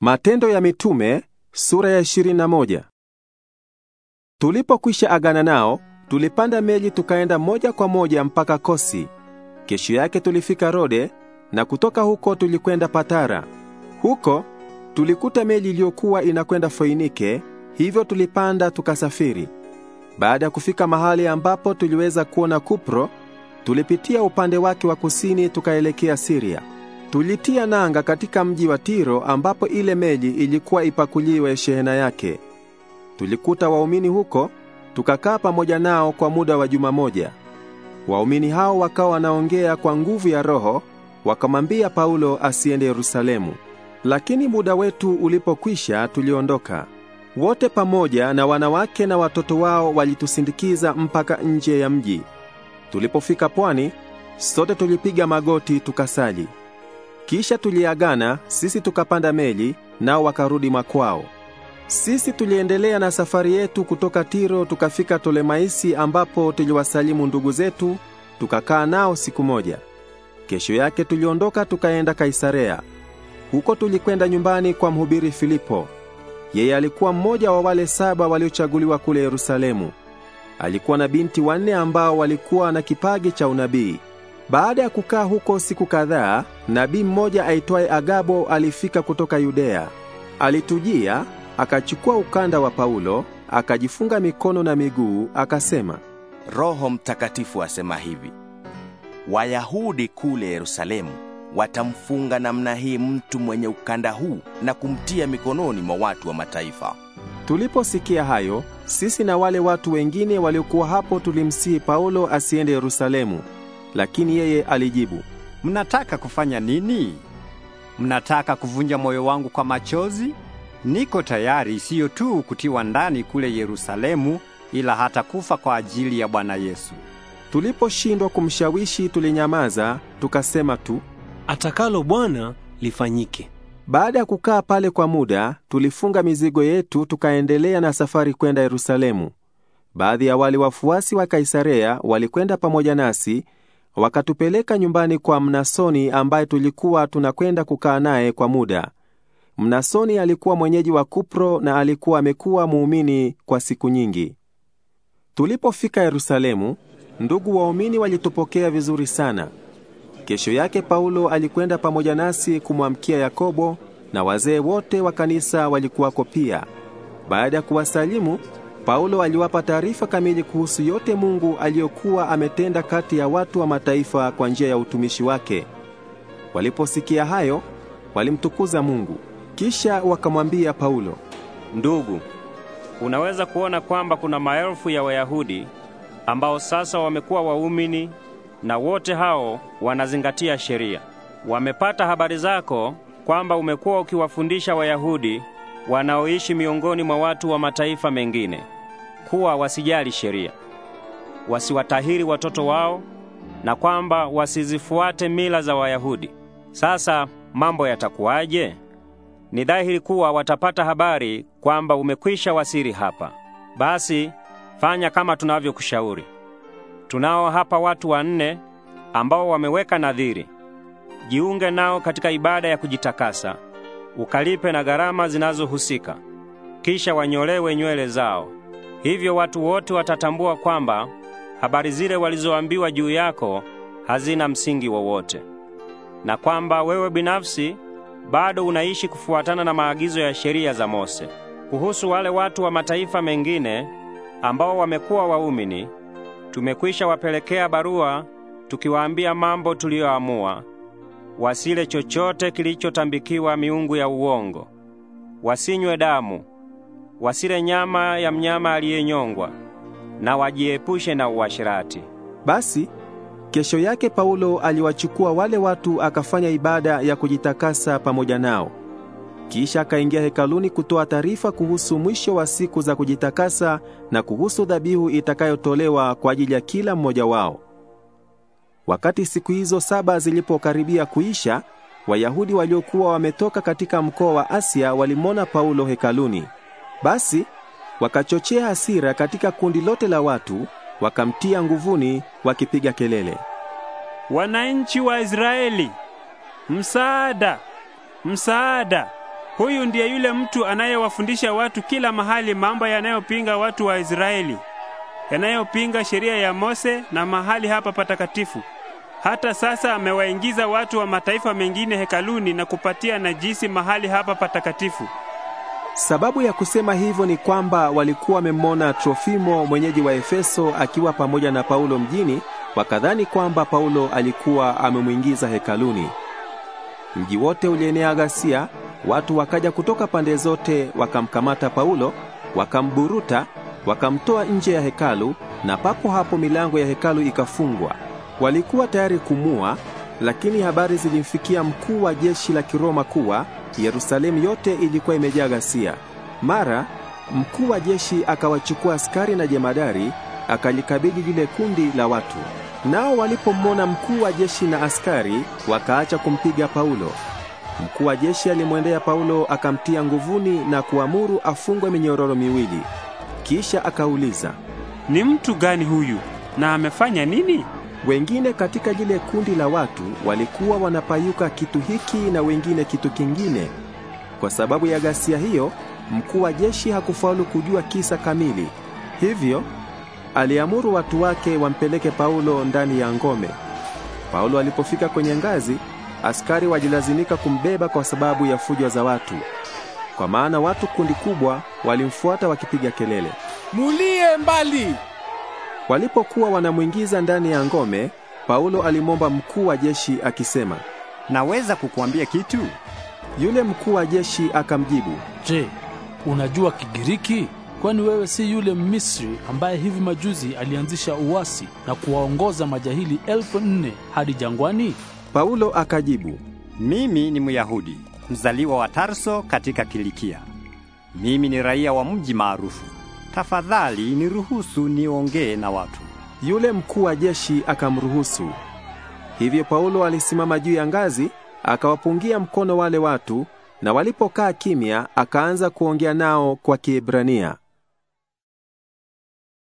Matendo ya Mitume sura ya 21. Tulipokwisha agana nao, tulipanda meli tukaenda moja kwa moja mpaka Kosi. Kesho yake tulifika Rode na kutoka huko tulikwenda Patara. Huko tulikuta meli iliyokuwa inakwenda Foinike, hivyo tulipanda tukasafiri. Baada ya kufika mahali ambapo tuliweza kuona Kupro, tulipitia upande wake wa kusini tukaelekea Siria. Tulitia nanga katika mji wa Tiro ambapo ile meli ilikuwa ipakuliwe shehena yake. Tulikuta waumini huko, tukakaa pamoja nao kwa muda wa juma moja. Waumini hao wakawa wanaongea kwa nguvu ya Roho, wakamwambia Paulo asiende Yerusalemu. Lakini muda wetu ulipokwisha, tuliondoka. Wote pamoja na wanawake na watoto wao walitusindikiza mpaka nje ya mji. Tulipofika pwani, sote tulipiga magoti tukasali. Kisha tuliagana sisi tukapanda meli, nao wakarudi makwao. Sisi tuliendelea na safari yetu kutoka Tiro tukafika Tolemaisi, ambapo tuliwasalimu ndugu zetu, tukakaa nao siku moja. Kesho yake tuliondoka tukaenda Kaisarea. Huko tulikwenda nyumbani kwa mhubiri Filipo. Yeye alikuwa mmoja wa wale saba waliochaguliwa kule Yerusalemu. Alikuwa na binti wanne ambao walikuwa na kipaji cha unabii. Baada ya kukaa huko siku kadhaa, Nabii mmoja aitwaye Agabo alifika kutoka Yudea. Alitujia, akachukua ukanda wa Paulo, akajifunga mikono na miguu, akasema, Roho Mtakatifu asema hivi: Wayahudi kule Yerusalemu watamfunga namna hii mtu mwenye ukanda huu na kumtia mikononi mwa watu wa mataifa. Tuliposikia hayo, sisi na wale watu wengine waliokuwa hapo tulimsihi Paulo asiende Yerusalemu, lakini yeye alijibu, mnataka kufanya nini? Mnataka kuvunja moyo wangu kwa machozi? Niko tayari siyo tu kutiwa ndani kule Yerusalemu, ila hata kufa kwa ajili ya Bwana Yesu. Tuliposhindwa kumshawishi, tulinyamaza tukasema tu, atakalo Bwana lifanyike. Baada ya kukaa pale kwa muda, tulifunga mizigo yetu tukaendelea na safari kwenda Yerusalemu. Baadhi ya wale wafuasi wa Kaisarea walikwenda pamoja nasi Wakatupeleka nyumbani kwa Mnasoni ambaye tulikuwa tunakwenda kukaa naye kwa muda. Mnasoni alikuwa mwenyeji wa Kupro na alikuwa amekuwa muumini kwa siku nyingi. Tulipofika Yerusalemu, ndugu waumini walitupokea vizuri sana. Kesho yake Paulo alikwenda pamoja nasi kumwamkia Yakobo na wazee wote wa kanisa walikuwako pia. Baada ya kuwasalimu, Paulo aliwapa taarifa kamili kuhusu yote Mungu aliyokuwa ametenda kati ya watu wa mataifa kwa njia ya utumishi wake. Waliposikia hayo, walimtukuza Mungu. Kisha wakamwambia Paulo, "Ndugu, unaweza kuona kwamba kuna maelfu ya Wayahudi ambao sasa wamekuwa waumini na wote hao wanazingatia sheria. Wamepata habari zako kwamba umekuwa ukiwafundisha Wayahudi wanaoishi miongoni mwa watu wa mataifa mengine." kuwa wasijali sheria, wasiwatahiri watoto wao, na kwamba wasizifuate mila za Wayahudi. Sasa mambo yatakuwaje? Ni dhahiri kuwa watapata habari kwamba umekwisha wasiri hapa. Basi fanya kama tunavyokushauri. Tunao hapa watu wanne ambao wameweka nadhiri. Jiunge nao katika ibada ya kujitakasa, ukalipe na gharama zinazohusika, kisha wanyolewe nywele zao. Hivyo watu wote watatambua kwamba habari zile walizoambiwa juu yako hazina msingi wowote, na kwamba wewe binafsi bado unaishi kufuatana na maagizo ya sheria za Mose. Kuhusu wale watu wa mataifa mengine ambao wamekuwa waumini, tumekwisha wapelekea barua tukiwaambia mambo tuliyoamua: wasile chochote kilichotambikiwa miungu ya uongo, wasinywe damu wasile nyama ya mnyama aliyenyongwa na wajiepushe na uasherati. Basi kesho yake Paulo aliwachukua wale watu akafanya ibada ya kujitakasa pamoja nao. Kisha akaingia hekaluni kutoa taarifa kuhusu mwisho wa siku za kujitakasa na kuhusu dhabihu itakayotolewa kwa ajili ya kila mmoja wao. Wakati siku hizo saba zilipokaribia kuisha, Wayahudi waliokuwa wametoka katika mkoa wa Asia walimwona Paulo hekaluni. Basi wakachochea hasira katika kundi lote la watu, wakamtia nguvuni wakipiga kelele, wananchi wa Israeli, msaada! Msaada! Huyu ndiye yule mtu anayewafundisha watu kila mahali mambo yanayopinga watu wa Israeli, yanayopinga sheria ya Mose na mahali hapa patakatifu. Hata sasa amewaingiza watu wa mataifa mengine hekaluni na kupatia najisi mahali hapa patakatifu. Sababu ya kusema hivyo ni kwamba walikuwa wamemwona Trofimo mwenyeji wa Efeso akiwa pamoja na Paulo mjini, wakadhani kwamba Paulo alikuwa amemwingiza hekaluni. Mji wote ulienea ghasia, watu wakaja kutoka pande zote wakamkamata Paulo, wakamburuta, wakamtoa nje ya hekalu na papo hapo milango ya hekalu ikafungwa. Walikuwa tayari kumua lakini habari zilimfikia mkuu wa jeshi la Kiroma kuwa Yerusalemu yote ilikuwa imejaa ghasia. Mara mkuu wa jeshi akawachukua askari na jemadari, akalikabidhi lile kundi la watu. Nao walipomwona mkuu wa jeshi na askari, wakaacha kumpiga Paulo. Mkuu wa jeshi alimwendea Paulo, akamtia nguvuni na kuamuru afungwe minyororo miwili. Kisha akauliza, ni mtu gani huyu na amefanya nini? Wengine katika lile kundi la watu walikuwa wanapayuka kitu hiki na wengine kitu kingine. Kwa sababu ya ghasia hiyo, mkuu wa jeshi hakufaulu kujua kisa kamili. Hivyo aliamuru watu wake wampeleke Paulo ndani ya ngome. Paulo alipofika kwenye ngazi, askari walilazimika kumbeba kwa sababu ya fujo za watu, kwa maana watu kundi kubwa walimfuata wakipiga kelele, mulie mbali Walipokuwa wanamwingiza ndani ya ngome, Paulo alimwomba mkuu wa jeshi akisema, naweza kukuambia kitu? Yule mkuu wa jeshi akamjibu, je, unajua Kigiriki? Kwani wewe si yule Misri ambaye hivi majuzi alianzisha uasi na kuwaongoza majahili elfu nne hadi jangwani? Paulo akajibu, mimi ni Myahudi mzaliwa wa Tarso katika Kilikia. Mimi ni raia wa mji maarufu tafadhali niruhusu niongee na watu. Yule mkuu wa jeshi akamruhusu. Hivyo Paulo alisimama juu ya ngazi, akawapungia mkono wale watu, na walipokaa kimya, akaanza kuongea nao kwa Kiebrania.